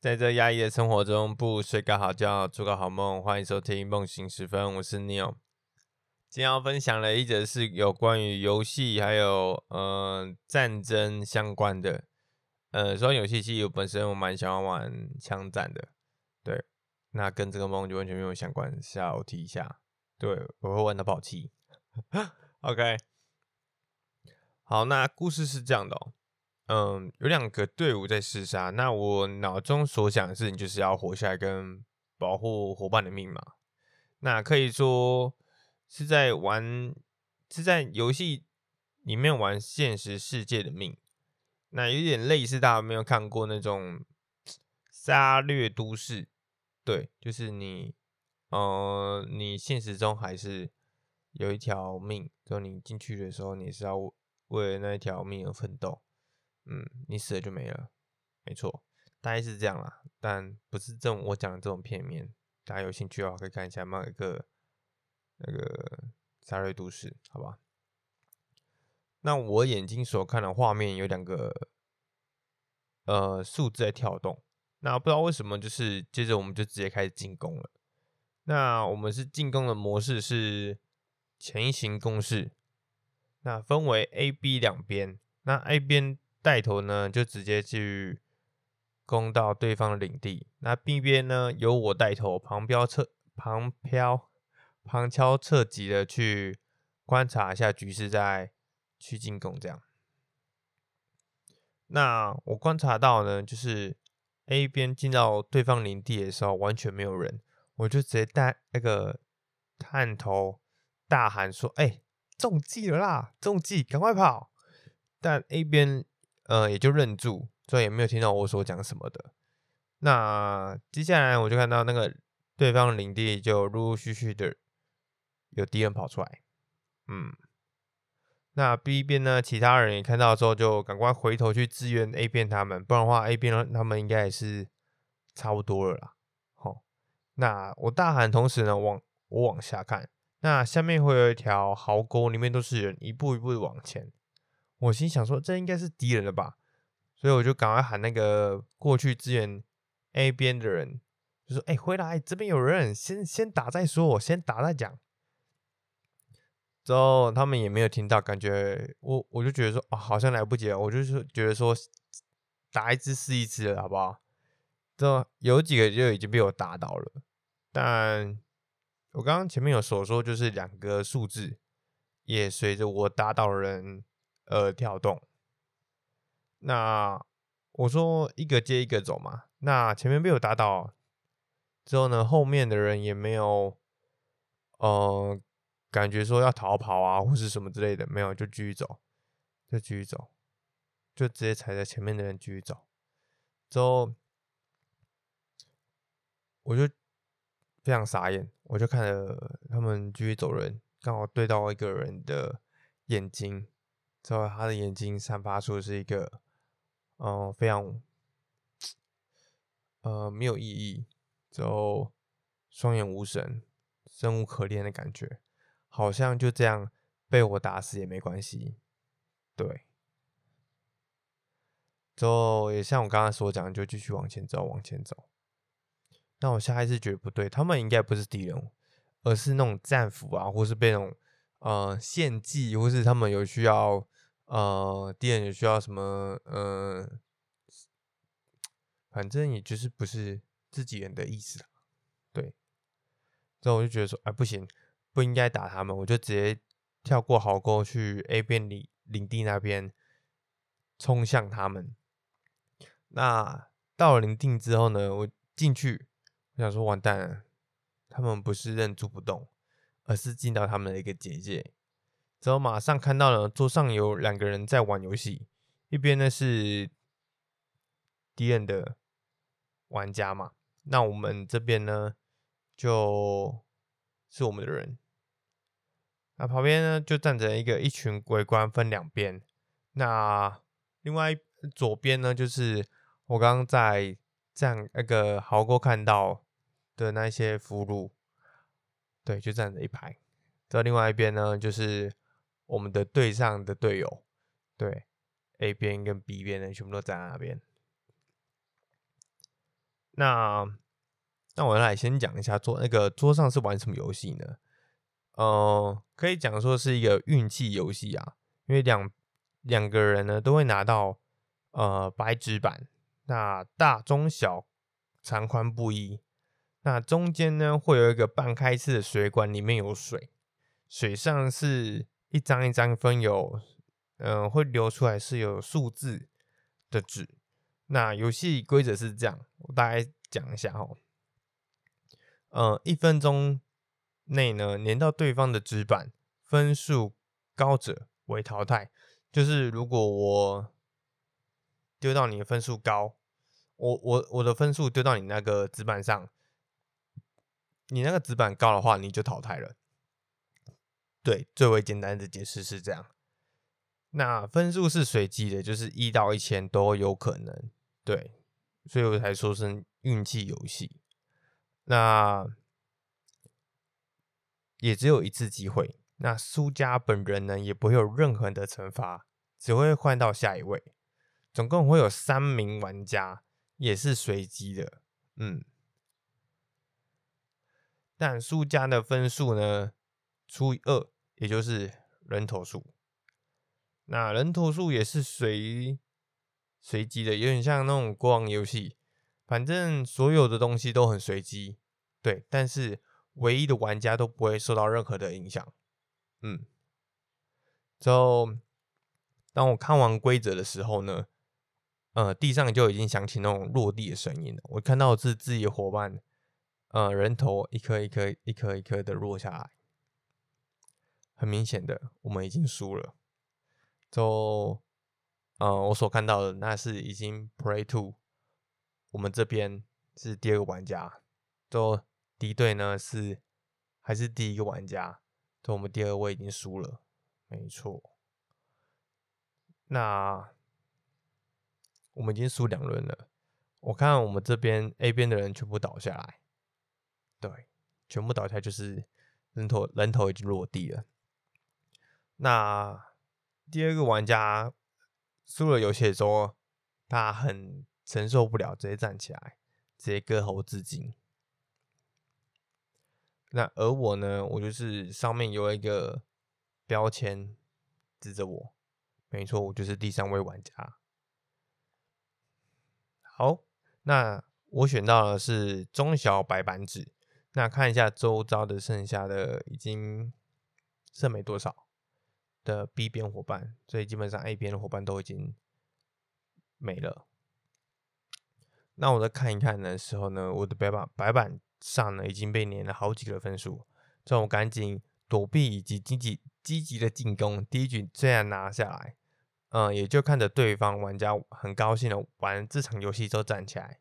在這壓抑的生活中，不如睡個好覺，做個好夢。歡迎收聽《夢醒時分》，我是 Neo。今天要分享的一則是有關於遊戲還有呃戰爭相關的。呃，說遊戲其實我本身我蠻喜歡玩槍戰的，對。那跟這個夢就完全沒有相關，下午提一下。對，我會玩得爆好，氣、 okay。OK，好，那故事是這樣的哦。嗯，有兩個隊伍在廝殺。那我腦中所想的事情就是要活下來，跟保護夥伴的命嘛。那可以說是在玩，是在遊戲裡面玩現實世界的命。那有點類似，大家沒有看過那種殺戮都市，對，就是你，呃，你現實中還是有一條命，就你進去的時候，你是要為了那一條命而奮鬥。嗯，你死了就沒了，沒錯，大概是這樣啦。但不是這種我講的這種片面。大家有興趣的話，可以看一下另外一個那個《沙瑞都市》，好吧？那我眼睛所看的畫面有兩個，呃，數字在跳動。那不知道為什麼，就是接着我們就直接開始進攻了。那我們是進攻的模式是前行攻勢，那分為 A、B 兩邊，那 A 邊。帶頭呢，就直接去攻到對方領地。那 B 邊呢，由我帶頭旁，旁標側旁飄旁敲側擊的去觀察一下局勢，再去進攻。這樣，那我觀察到呢，就是 A 邊進到對方領地的時候，完全沒有人，我就直接帶那個探頭大喊說：“哎、欸，中計了啦！中計，趕快跑！”但 A 邊。呃，也就愣住，所以也沒有聽到我所講什麼的。那接下來我就看到那個對方領地，就陸陸續續的有敵人跑出來。嗯，那 B 邊呢，其他人也看到之後就趕快回頭去支援 A 邊他們，不然的話 A 邊他們應該也是差不多了啦。好、哦，那我大喊同時呢，往我往下看，那下面會有一條壕溝，裡面都是人，一步一步的往前。我心想說，這應該是敵人了吧，所以我就趕快喊那個過去支援 A 邊的人，就說：“哎、欸，回來，這邊有人，先先打再說，我先打再講。”之後他們也沒有聽到，感覺我我就覺得說，哦，好像來不及了，我就是覺得說，打一次試一次了，好不好？之後有幾個就已經被我打倒了，但我剛剛前面有所說，說，就是兩個數字也隨着我打倒人。呃，跳動。那我說一個接一個走嘛。那前面被我打倒了之後呢，後面的人也沒有，呃，感覺說要逃跑啊，或是什麼之類的，沒有，就繼續走，就繼續走，就直接踩在前面的人繼續走。之後我就非常傻眼，我就看著他們繼續走人，剛好對到一個人的眼睛。之後，他的眼睛散發出是一個，嗯、呃，非常，呃，沒有意義，就雙眼無神，生無可戀的感覺，好像就這樣被我打死也沒關係。對，之後也像我剛剛所講的，就繼續往前走，往前走。那我下意識覺得不對，他們應該不是敵人，而是那種戰俘啊，或是被那種。呃，獻祭，或是他們有需要，呃，敵人有需要什麼，嗯、呃，反正也就是不是自己人的意思，對。之後我就覺得說，哎、呃，不行，不應該打他們，我就直接跳過壕溝去 A 邊裡領地那邊，衝向他們。那到了林地之後呢，我進去，我想說，完蛋了，他們不是認主不動。而是進到他們的一個結界，之後馬上看到了桌上有兩個人在玩遊戲，一邊呢是敵人的玩家嘛，那我們這邊呢就是我們的人，那旁邊呢就站着一個一群鬼官，分兩邊，那另外左邊呢就是我剛剛在站那個壕溝看到的那些俘虜。對，就站著一排。到另外一邊呢，就是我們的隊上的隊友，對 A 邊跟 B 邊的全部都在那邊。那那我來先講一下桌那個桌上是玩什麼遊戲呢？呃，可以講說是一個運氣遊戲啊，因為兩兩個人呢都會拿到呃白紙板，那大、中、小、長、寬不一。那中間呢，會有一個半開式的水管，裡面有水，水上是一張一張分有，嗯、呃，會流出來是有數字的紙。那遊戲規則是這樣，我大概講一下哦。呃，一分鐘內呢，粘到對方的紙板，分數高者為淘汰。就是如果我丟到你的分數高，我我我的分數丟到你那個紙板上。你那個紙板高的話，你就淘汰了。對，最為簡單的解釋是這樣。那分數是隨機的，就是一到一千都有可能。對，所以我才說是運氣遊戲。那也只有一次機會。那輸家本人呢，也不會有任何的懲罰，只會換到下一位。總共會有三名玩家，也是隨機的。嗯。但輸家的分數呢，除以二，也就是人頭數。那人頭數也是隨隨機的，有點像那種國王遊戲，反正所有的東西都很隨機。對，但是唯一的玩家都不會受到任何的影響。嗯，之後當我看完規則的時候呢，呃，地上就已經響起那種落地的聲音了。我看到是自己的伙伴。呃、嗯，人頭一顆一顆一顆一顆的落下來，很明顯的，我們已經輸了。就、嗯，呃，我所看到的那是已經 play two，我們這邊是第二個玩家，就敵隊呢是還是第一個玩家，就我們第二位已經輸了，沒錯。那我們已經輸兩輪了。我看我們這邊 A 邊的人全部倒下來。對，全部倒下就是人頭，人頭已經落地了。那第二個玩家輸了遊戲的時候，他很承受不了，直接站起來，直接割喉自盡。那而我呢，我就是上面有一個標籤指着我，沒錯，我就是第三位玩家。好，那我選到的是中小白板紙。那看一下周遭的剩下的已經剩沒多少的 B 邊夥伴，所以基本上 A 邊的夥伴都已經沒了。那我再看一看的時候呢，我的白板白板上呢已經被碾了好幾個分數，所以我趕緊躲避以及積極積極的進攻，第一局這樣拿下來，嗯，也就看着對方玩家很高興的玩這場遊戲之後站起來。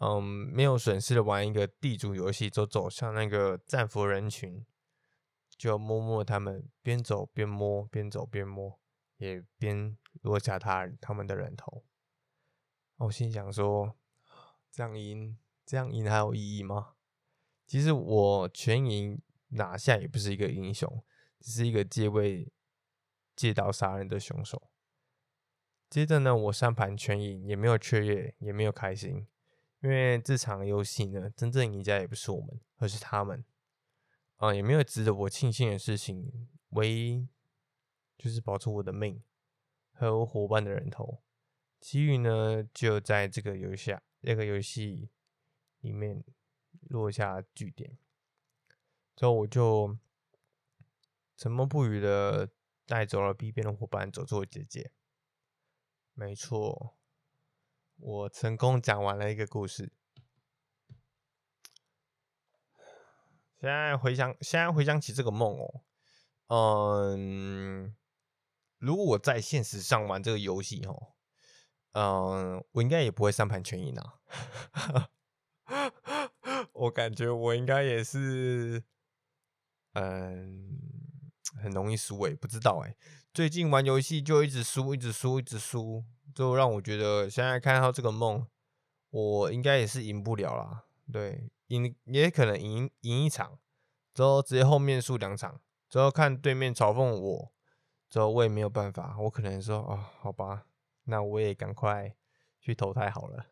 嗯，沒有損失的玩一個地主遊戲，就走向那個戰俘人群，就摸摸他們，邊走邊摸，邊走邊摸，也邊落下他他們的人頭。我、哦、心想說，這樣贏，這樣贏還有意義嗎？其實我全贏拿下也不是一個英雄，只是一個借位借刀殺人的兇手。接着呢，我三盤全贏，也沒有雀躍，也沒有開心。因為這場遊戲呢，真正贏家也不是我們，而是他們。啊、嗯，也沒有值得我慶幸的事情，唯一就是保住我的命和我夥伴的人頭，其餘呢，就在這個遊戲、啊、這個遊戲裡面落下句點。之後我就沉默不語的帶走了 B 邊的夥伴，走出結界。沒錯。我成功講完了一個故事。現在回想，現在回想起這個夢哦、喔，嗯，如果我在現實上玩這個遊戲哦，嗯，我應該也不會三盤全贏呢、啊。 我感覺我應該也是，嗯。很容易輸、欸，我不知道哎、欸。最近玩遊戲就一直輸，一直輸，一直輸，就讓我覺得現在看到這個夢，我應該也是贏不了啦。對，贏也可能贏贏一場，之後直接後面輸兩場，之後看對面嘲諷我，之後我也沒有辦法，我可能說哦，好吧，那我也趕快去投胎好了。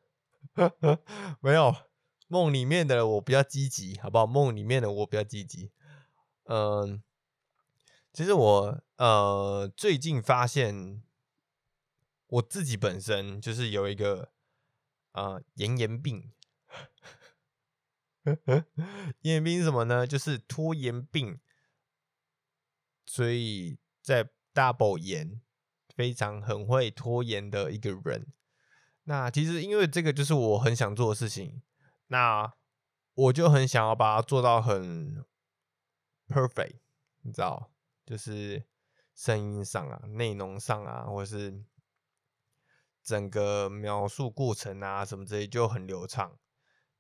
沒有夢裡面的我比較積極，好不好？夢裡面的我比較積極，嗯。其實我呃最近發現我自己本身就是有一個呃炎炎病。 炎炎病是什麼呢？就是拖延病，所以在 double 延，非常很會拖延的一個人。那其實因為這個就是我很想做的事情，那我就很想要把它做到很 perfect，你知道。就是聲音上啊，內容上啊，或是整個描述過程啊，什麼之類，就很流暢。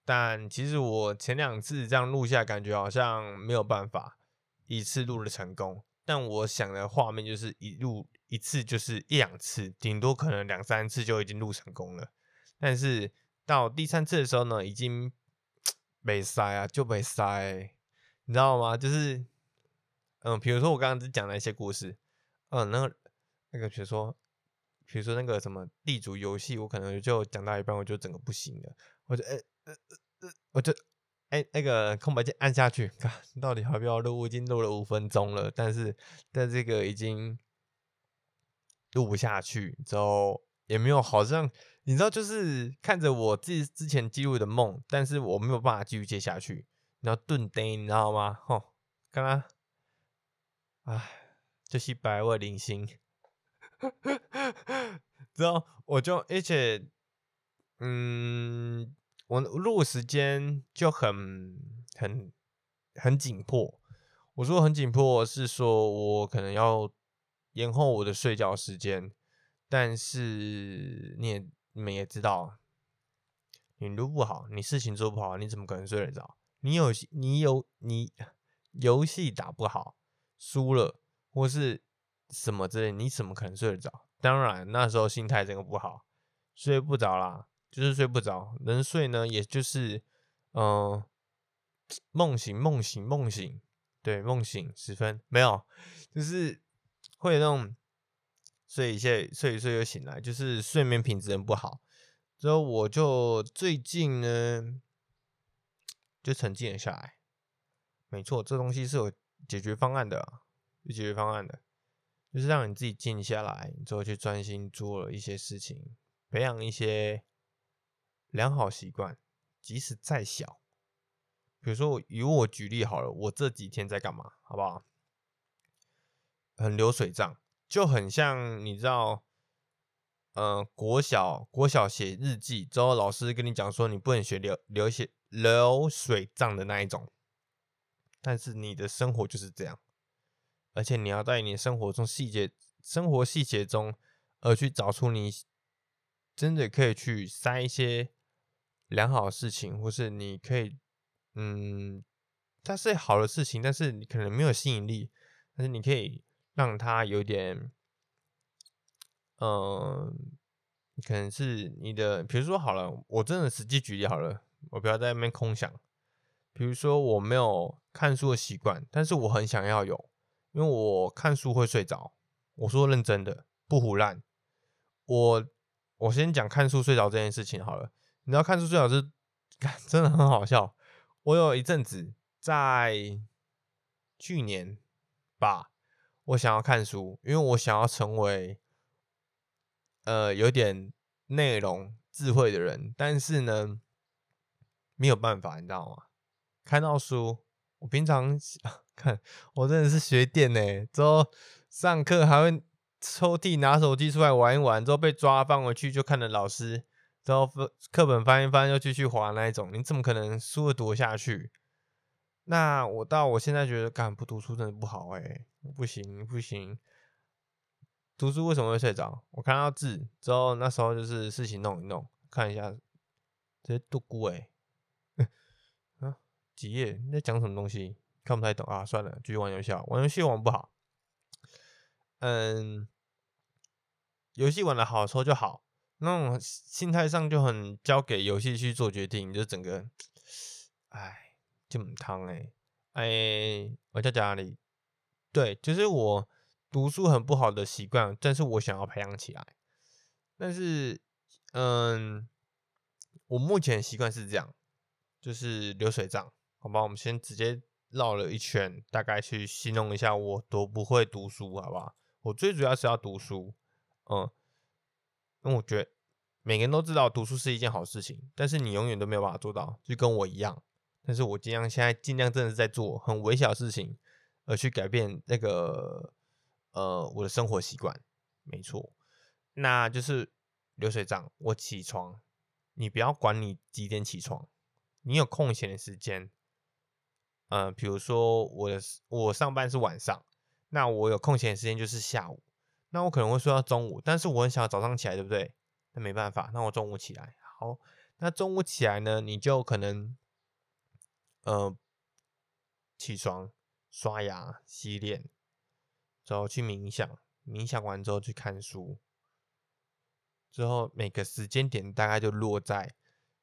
但其實我前兩次這樣錄下，感覺好像沒有辦法一次錄的成功。但我想的畫面就是一錄一次就是一兩次，頂多可能兩三次就已經錄成功了。但是到第三次的時候呢，已經被塞啊，就被塞，你知道嗎？就是。嗯，比如說我剛剛只講了一些故事，嗯，那個那個比如說，比如說那個什麼地主遊戲，我可能就講到一半，我就整個不行了，我就哎呃，呃、欸欸欸，我就哎那、欸欸、個空白鍵按下去，看到底要不要錄，我已經錄了五分鐘了，但是但這個已經錄不下去，就、So, 後也沒有好像你知道，就是看着我自己之前記錄的夢，但是我沒有辦法繼續接下去，然後頓呆，你知道嗎？吼，看啊。哎，就是百味零星，然 後我就而且，嗯，我錄時間就很很很緊迫。我說很緊迫是說，我可能要延後我的睡覺時間。但是你也你們也知道，你錄不好，你事情做不好，你怎麼可能睡得着？你有你有你遊戲打不好，輸了，或是什麼之類，你怎麼可能睡得着？當然那時候心態真的不好，睡不着啦，就是睡不着。能睡呢，也就是，嗯、呃，夢醒夢醒夢醒，對，夢醒十分沒有，就是會那種睡一些睡一睡又醒來，就是睡眠品質很不好。之後我就最近呢，就沉靜了下來，沒錯，這東西是有。解決方案的有解決方案的，就是讓你自己靜下來，之後去專心做了一些事情，培養一些良好習慣。即使再小，比如說我，以我舉例好了，我這幾天在幹嘛，好不好？很流水賬，就很像你知道，嗯、呃，國小國小寫日記之後，老師跟你講說你不能學流流，血流水流水賬的那一種。但是你的生活就是這樣，而且你要在你的生活中細節、生活細節中，而去找出你真的可以去塞一些良好的事情，或是你可以，嗯，它是好的事情，但是你可能沒有吸引力，但是你可以讓它有點，嗯、呃，可能是你的，比如說好了，我真的實際舉例好了，我不要在那邊空想。比如說我沒有看書的習慣，但是我很想要有，因為我看書會睡着。我說認真的，不唬爛。我我先講看書睡着這件事情好了。你知道看書睡着是，真的很好笑。我有一陣子在去年吧，我想要看書，因為我想要成為呃有點內容智慧的人，但是呢沒有辦法，你知道嗎？看到書，我平常看，我真的是學店呢。之後上課還會抽屜拿手機出來玩一玩，之後被抓放回去就看着老師，之後課本翻一翻又繼續滑那一種。你怎麼可能書會讀下去？那我到我現在覺得，幹不讀書真的不好哎，不行不行，讀書為什麼會睡着？我看到字之後，那時候就是事情弄一弄，看一下，這些都過哎。幾頁在講什麼東西？看不太懂啊，算了，繼續玩遊戲。玩遊戲玩不好，嗯，遊戲玩得好的時就好。那種心態上就很交給遊戲去做決定，就整個，唉，就很躺哎哎。我在講哪裡？對，就是我讀書很不好的習慣，但是我想要培養起來。但是，嗯，我目前習慣是這樣，就是流水賬。好吧，我們先直接繞了一圈，大概去形容一下我多不會讀書，好不好？我最主要是要讀書，嗯，因為我覺得每個人都知道讀書是一件好事情，但是你永遠都沒有辦法做到，就跟我一樣。但是我盡量現在盡量真的在做很微小的事情，而去改變那個呃我的生活習慣，沒錯。那就是流水賬，我起床，你不要管你幾點起床，你有空閒的時間。嗯、呃，比如說我的我上班是晚上，那我有空閒時間就是下午，那我可能會睡到中午，但是我很想要早上起來，對不對？那沒辦法，那我中午起來好，那中午起來呢，你就可能，呃，起床、刷牙、洗臉，然後去冥想，冥想完之後去看書，之後每個時間點大概就落在，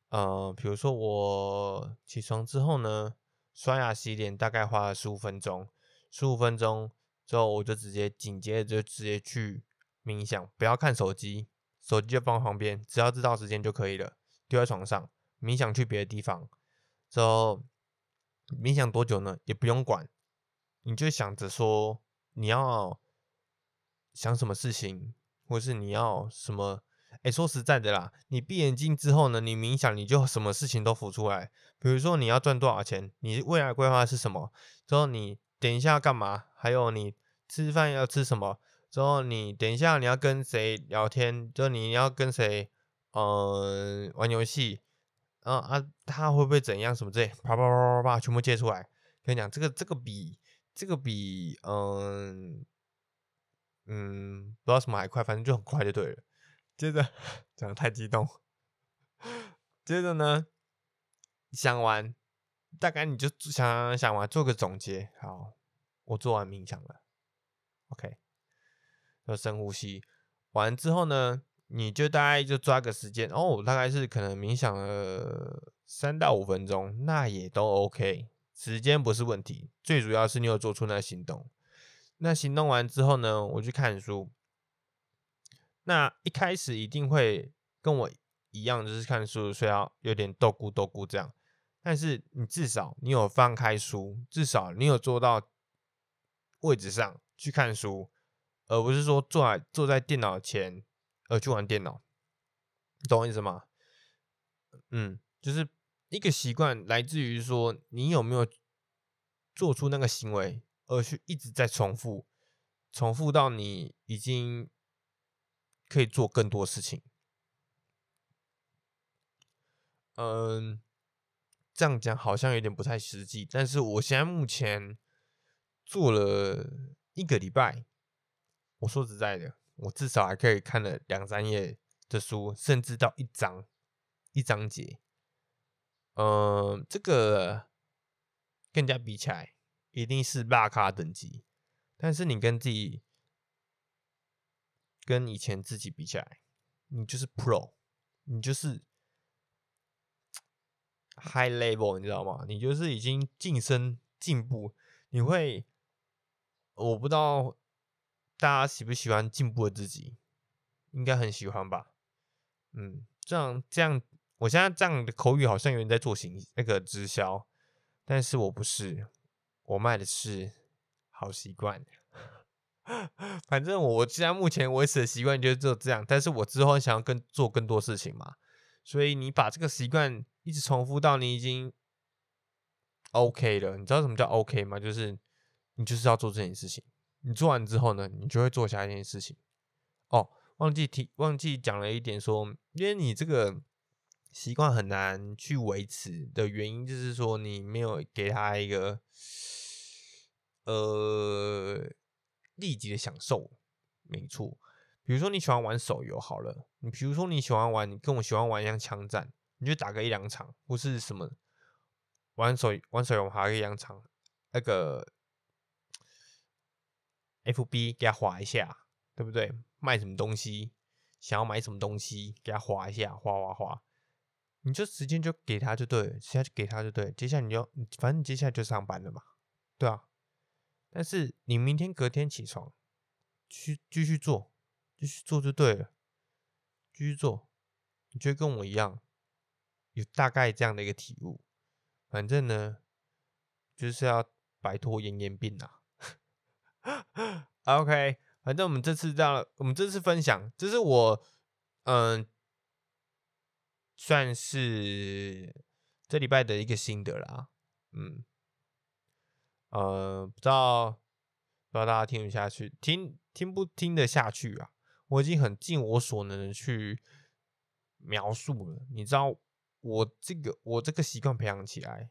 呃，比如說我起床之後呢。刷牙洗臉大概花了十五分鐘，十五分鐘之後我就直接緊接着就直接去冥想，不要看手機，手機就放在旁邊，只要知道時間就可以了，丟在床上冥想去別的地方，之後冥想多久呢？也不用管，你就想着說你要想什麼事情，或是你要什麼？哎，說實在的啦，你閉眼睛之後呢，你冥想你就什麼事情都浮出來。比如說你要賺多少錢，你未來規劃是什麼？之後你等一下要幹嘛？還有你吃飯要吃什麼？之後你等一下你要跟誰聊天？就你要跟誰？嗯、呃，玩遊戲？嗯啊,啊，他會不會怎樣？什麼之類？啪啪啪啪啪,啪，全部接出來。跟你講，這個這個比這個比、呃、嗯嗯不知道什麼還快，反正就很快就對了。接着講的太激動，接着呢？想完，大概你就想想完，做個總結。好，我做完冥想了，OK，做深呼吸。完之後呢，你就大概就抓個時間哦，大概是可能冥想了三到五分鐘，那也都 OK，時間不是問題。最主要是你有做出那行動。那行動完之後呢，我去看書。那一開始一定會跟我一樣，就是看書，所以要有點鬥咕鬥咕這樣。但是你至少你有翻開書，至少你有坐到位置上去看書，而不是說坐在坐在電腦前而去玩電腦，懂我意思嗎？嗯，就是一個習慣來自於說你有沒有做出那個行為，而去一直在重複，重複到你已經可以做更多事情，嗯。這樣講好像有點不太實際，但是我現在目前做了一個禮拜，我說實在的，我至少還可以看了兩三頁的書，甚至到一章一章節。嗯，這個跟人家比起來，一定是肉咖等級，但是你跟自己跟以前自己比起來，你就是 Pro，你就是。High level，你知道嗎？你就是已經晉升進步，你會，我不知道大家喜不喜歡進步的自己，應該很喜歡吧？嗯，這樣這樣，我現在這樣的口語好像有人在做行那個直銷，但是我不是，我賣的是好習慣。 反正我現在目前為止的習慣就是只有這樣，但是我之後想要更做更多事情嘛。所以你把這個習慣一直重複到你已經 OK 了，你知道什麼叫 OK 嗎？就是你就是要做這件事情，你做完之後呢，你就會做下一件事情。哦，忘記提，忘記講了一點，說因為你這個習慣很難去維持的原因，就是說你沒有給他一個呃，立即的享受，沒錯。比如說你喜歡玩手遊，好了，你比如說你喜歡玩，你跟我喜歡玩一樣槍戰，你就打個一兩場，或是什麼玩手玩手遊還有一兩場，那個 FB 給他劃一下，對不對？賣什麼東西，想要買什麼東西，給他劃一下，劃劃劃，你就時間就給他就對了，直接就給他就對了，接下來你就反正接下來就上班了嘛，對啊。但是你明天隔天起床去繼續做。繼續做就對了，繼續做，你就跟我一樣有大概這樣的一個體悟，反正呢，就是要擺脫咽炎病吶、啊。 OK，反正我們這次這樣，我們這次分享，這是我嗯、呃，算是這禮拜的一個心得啦。嗯，呃，不知道不知道大家聽不下去，聽聽不聽得下去啊？我已經很盡我所能的去描述了，你知道，我這個我這個習慣培養起來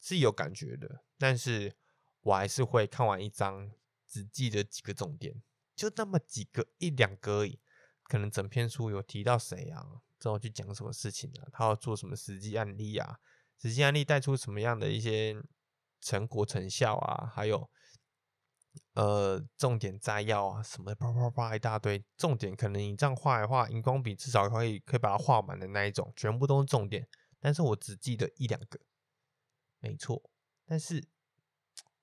是有感覺的，但是我還是會看完一章，只記得幾個重點，就那麼幾個一兩個而已。可能整篇書有提到誰啊，之後去講什麼事情啊，他要做什麼實際案例啊，實際案例帶出什麼樣的一些成果成效啊，還有。呃，重點摘要啊什麼的，啪啪啪一大堆，重點可能你這樣畫一畫，熒光筆至少可以可以把它畫滿的那一種，全部都是重點。但是我只記得一兩個，沒錯。但是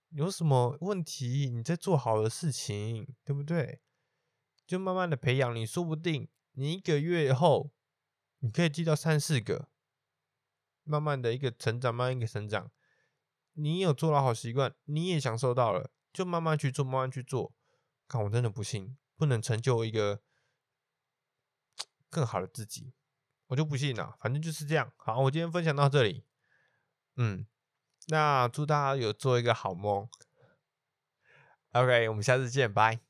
有什麼問題？你在做好的事情，對不對？就慢慢的培養，你說不定你一個月後，你可以記到三四個，慢慢的一個成長，慢慢一個成長。你有做了好習慣，你也享受到了。就慢慢去做，慢慢去做。看，我真的不信，不能成就一個更好的自己，我就不信了。反正就是這樣。好，我今天分享到這裡。嗯，那祝大家有做一個好夢。OK，我們下次見，拜。